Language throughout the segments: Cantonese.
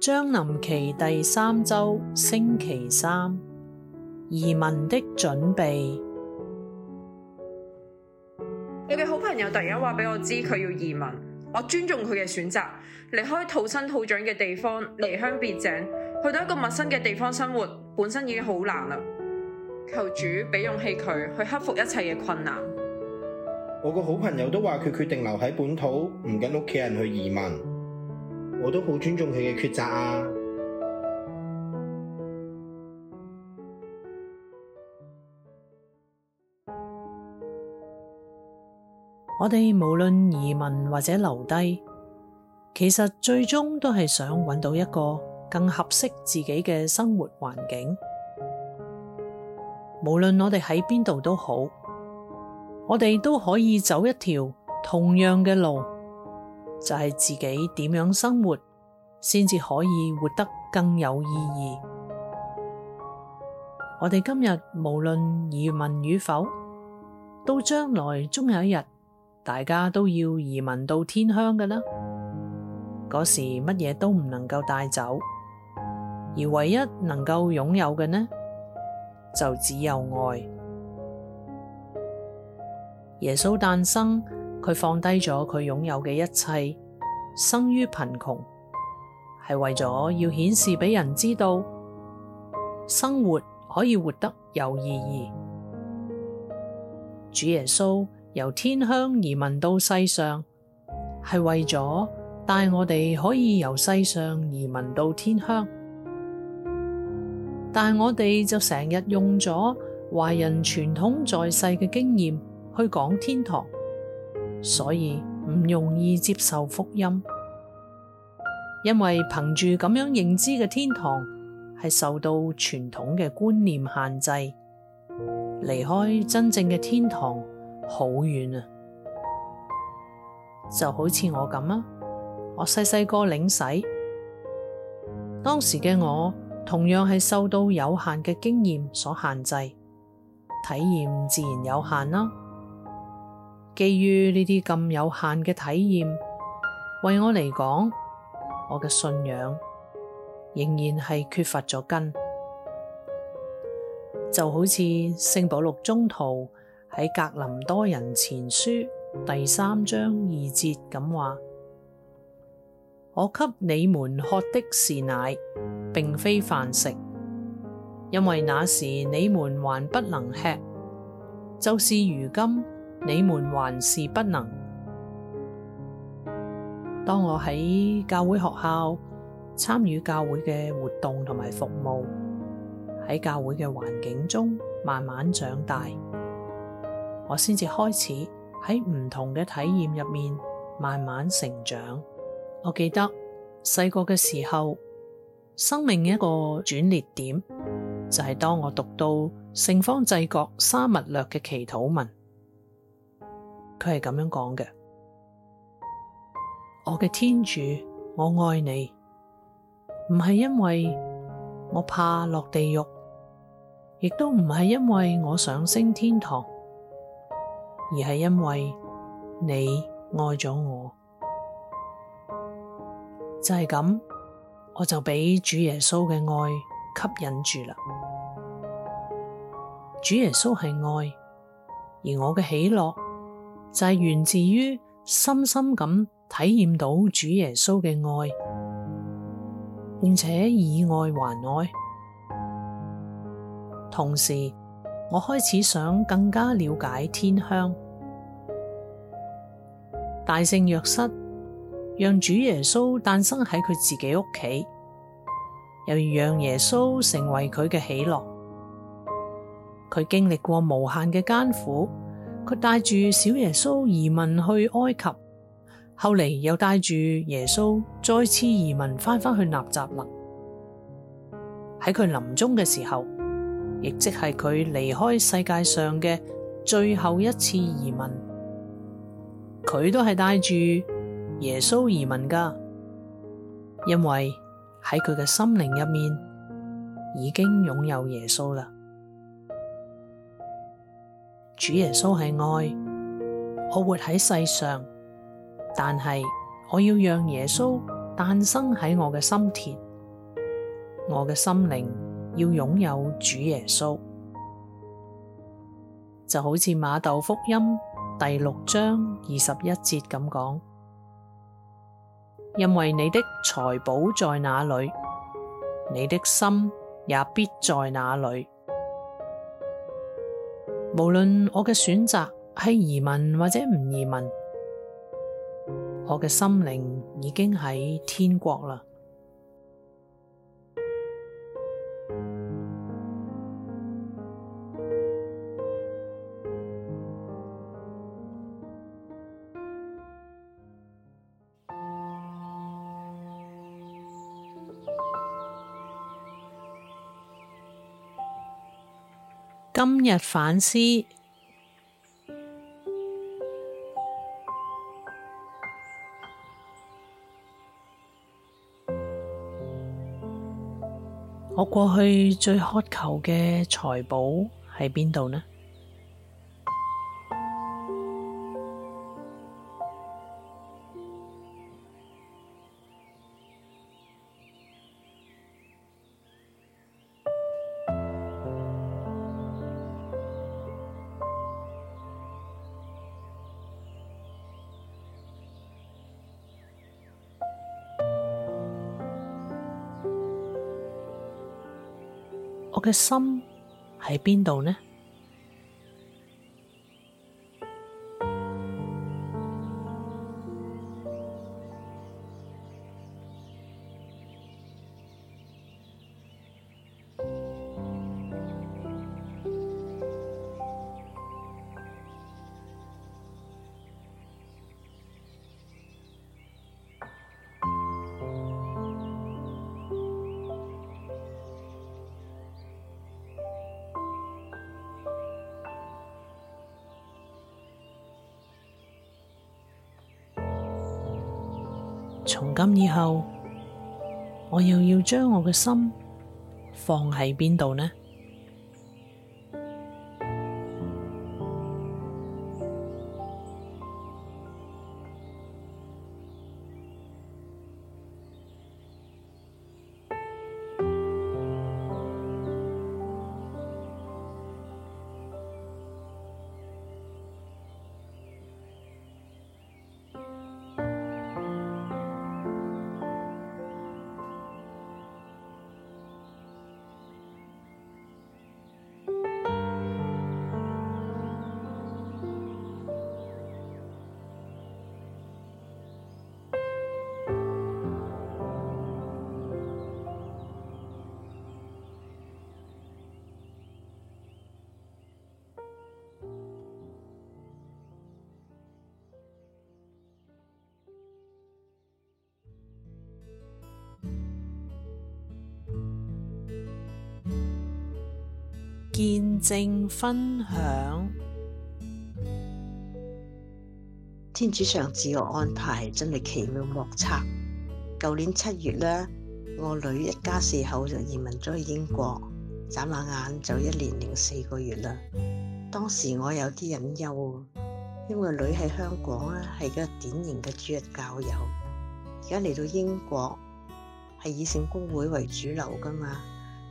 將臨期第三周星期三，移民的準備。你嘅好朋友突然間話俾我知佢要移民，我尊重佢嘅選擇，離開土生土長嘅地方，離鄉別井，去到一個陌生嘅地方生活，本身已經好難啦。求主俾勇氣佢去克服一切嘅困難。我個好朋友都話佢決定留喺本土，唔跟屋企人去移民。我都好尊重佢嘅抉擇啊！ 我哋無論移民或者留低，其實最終都係想揾到一個更合適自己嘅生活環境。無論我哋喺邊度都好，我哋都可以走一條同樣嘅路。就係自己點樣生活，先至可以活得更有意義。我哋今日無論移民與否，到將來終有一日，大家都要移民到天鄉嘅啦。嗰時乜嘢都唔能夠帶走，而唯一能夠擁有嘅呢，就只有愛。耶穌誕生。佢放低咗佢擁有嘅一切，生於貧窮，係為咗要顯示俾人知道生活可以活得有意義。主耶穌由天鄉移民到世上，係為咗帶我哋可以由世上移民到天鄉。但我哋就成日用咗華人傳統在世嘅經驗去講天堂。所以唔容易接受福音，因為憑住咁樣認知嘅天堂，係受到傳統嘅觀念限制，離開真正嘅天堂好遠啊！就好似我咁啊，我細細個領洗，當時嘅我同樣係受到有限嘅經驗所限制，體驗自然有限啦。基於呢啲咁有限嘅體驗，為我嚟講，我嘅信仰仍然係缺乏咗根，就好似聖保祿中途喺格林多人前書第三章二節咁話：「我給你們喝的是奶，並非飯食，因為那時你們還不能吃，就是如今。你們還是不能。當我喺教會學校，參與教會嘅活動同埋服務，喺教會嘅環境中慢慢長大，我先至開始喺唔同嘅體驗入面慢慢成長。我記得細個嘅時候，生命一個轉捩點就係、是、當我讀到聖方濟各沙勿略嘅祈禱文。佢係咁樣講嘅：我嘅天主，我愛你，唔係因為我怕落地獄，亦都唔係因為我想升天堂，而係因為你愛咗我，就係咁，我就俾主耶穌嘅愛吸引住啦。主耶穌係愛，而我嘅喜樂。就係源自於深深咁體驗到主耶穌嘅愛，並且以愛還愛。同時，我開始想更加了解天鄉。大聖若瑟，讓主耶穌誕生喺佢自己屋企，又讓耶穌成為佢嘅喜樂。佢經歷過無限嘅艱苦。佢帶住小耶穌移民去埃及，後嚟又帶住耶穌再次移民翻返去納匝肋。喺佢臨終嘅時候，亦即係佢離開世界上嘅最後一次移民，佢都係帶住耶穌移民噶，因為喺佢嘅心靈入面已經擁有耶穌啦。主耶穌係愛，我活喺世上，但係我要讓耶穌誕生喺我嘅心田，我嘅心靈要擁有主耶穌，就好似馬竇福音第六章二十一節咁講：因為你的財寶在哪裏，你的心也必在哪裏。無論我嘅選擇係移民或者唔移民，我嘅心靈已經喺天國啦。今日反思，我過去最渴求嘅財寶喺邊度呢？我嘅心喺邊度呢？從今以後，我又要將我嘅心放喺邊度呢？見證分享，天主上智嘅安排，真係奇妙莫測。舊年七月咧，我女一家四口就移民咗去英國，眨下眼就一年零四個月啦。當時我有啲隱憂，因為女喺香港咧係個典型嘅主日教友，而家嚟到英國係以聖公會為主流噶嘛。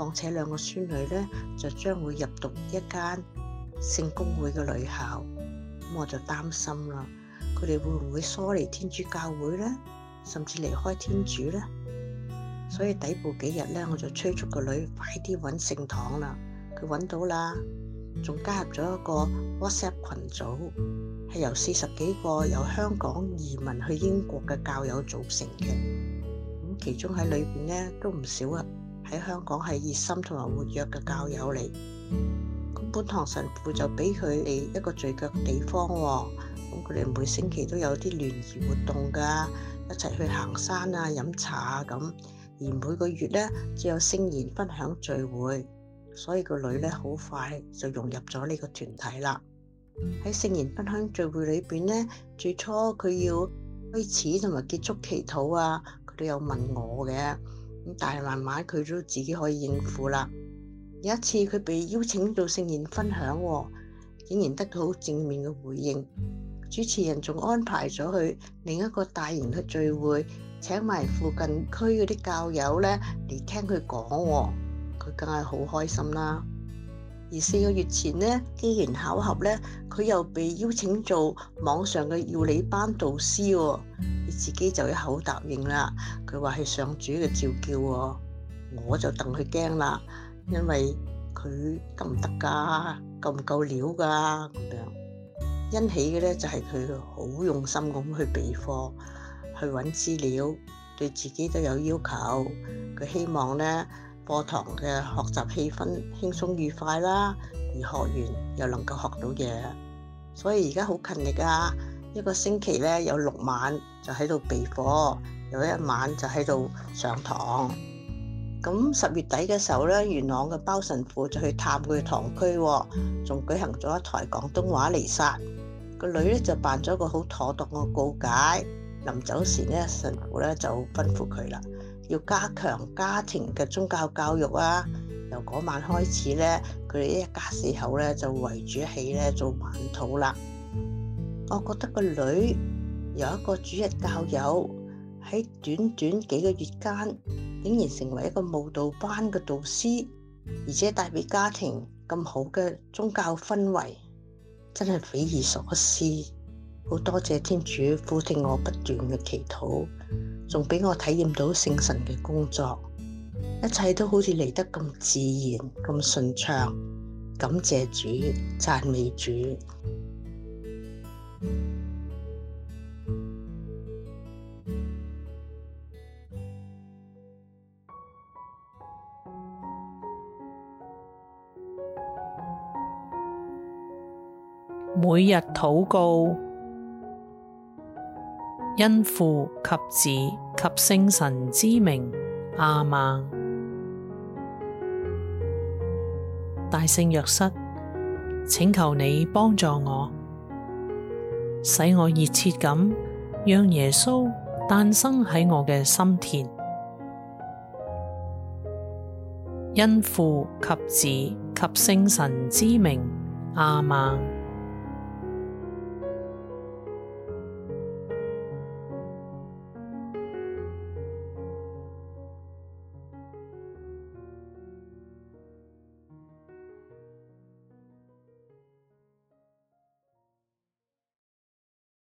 況且兩個孫女咧，就將會入讀一間聖公會嘅女校，咁我就擔心啦，佢哋會唔會疏離天主教會咧，甚至離開天主咧？所以抵步幾日咧，我就催促個女快啲揾聖堂啦。佢揾到啦，仲加入咗一個 WhatsApp 群組，係由四十幾個由香港移民去英國嘅教友組成嘅。咁其中喺裏邊咧都唔少啊！喺香港係熱心同埋活躍嘅教友嚟，咁本堂神父就俾佢哋一個聚腳地方喎。咁佢哋每星期都有啲聯誼活動㗎，一齊去行山啊、飲茶啊咁。而每個月咧，就有聖言分享聚會，所以個女咧好快就融入咗呢個團體啦。喺聖言分享聚會裏邊咧，最初佢要開始同埋結束祈禱啊，佢都有問我嘅。但係慢慢佢都自己可以應付啦。有一次佢被邀請做聖言分享，喎，竟然得到好正面嘅回應。主持人仲安排咗去另一個大型嘅聚會，請埋附近區嗰啲教友咧嚟聽佢講，喎，佢梗係好開心啦。而四個月前呢，機緣巧合呢，佢又被邀請做網上嘅要理班導師喎，你自己就一口答應啦。佢話係上主嘅召叫喎，我就戥佢驚啦，因為佢得唔得㗎，夠唔夠料㗎咁樣。欣喜嘅呢，就係佢好用心咁去備課，去揾資料，對自己都有要求。佢希望呢。課堂嘅學習氣氛輕鬆愉快啦，而學員又能夠學到嘢，所以而家好勤力啊！一個星期咧有六晚就喺度備課，有一晚就喺度上堂。咁十月底嘅時候咧，元朗嘅鮑神父就去探佢堂區，仲舉行咗一台廣東話彌撒。個女咧就辦咗個好妥當嘅告解，臨走時咧，神父咧就吩咐佢啦。要加強家庭嘅宗教教育啊！由嗰晚開始呢，佢哋一家四口呢就圍住起呢做晚禱啦。我覺得個女由一個主日教友喺短短幾個月間，竟然成為一個慕道班嘅導師，而且帶俾家庭咁好嘅宗教氛圍，真係匪夷所思。好多謝天主俯聽我不斷嘅祈禱，仲俾我體驗到聖神嘅工作，一切都好似嚟得咁自然、咁順暢。感謝主，讚美主。每日禱告。因父及子及聖神之名，阿們。大聖若瑟，請求你幫助我，使我熱切咁讓耶穌誕生喺我嘅心田。因父及子及聖神之名，阿們。